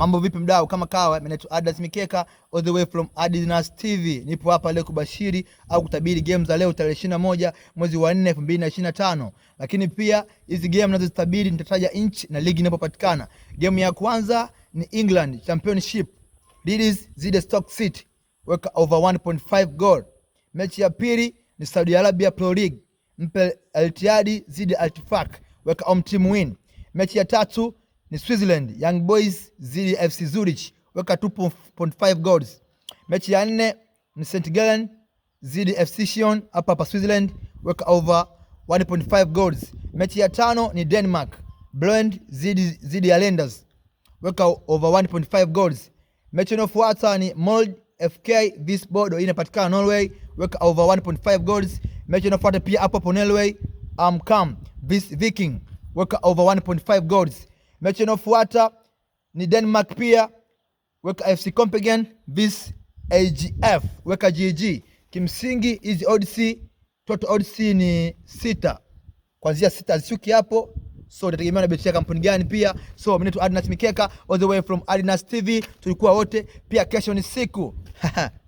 Mambo vipi mdau, kama kawa, mimi naitwa Adas Mikeka all the way from Adidas TV. Nipo hapa leo kubashiri au kutabiri game za leo tarehe 21 mwezi wa 4 2025. Lakini pia hizi game ninazozitabiri nitataja inchi na ligi inapopatikana. Game ya kwanza ni England Championship. Leeds zide Stoke City weka over 1.5 goal. Mechi ya pili ni Saudi Arabia Pro League. Mpe Al Ittihad zide Al Weka home team win. Mechi ya tatu ni Switzerland Young Boys zidi FC Zurich, weka 2.5 goals. Mechi ya nne ni St Gallen zidi FC Sion, hapa hapa Switzerland, weka over 1.5 goals. Mechi ya tano ni Denmark Blend zidi zidi ya Lenders, weka over 1.5 goals. Mechi inayofuata ni Molde FK Visborg, hii inapatikana Norway, weka over 1.5 goals. Mechi inayofuata pia hapo hapo Norway, AMCAM um, Vis Viking, weka over 1.5 goals. Mechi inayofuata ni Denmark pia, weka FC Copenhagen vs AGF, weka GG. Kimsingi hizi odds, total odds ni sita, kuanzia sita zishuki hapo so itategemea na beti ya kampuni gani pia. So mimi ni Adnas Mikeka, all the way from Adnas TV, tulikuwa wote pia. Kesho ni siku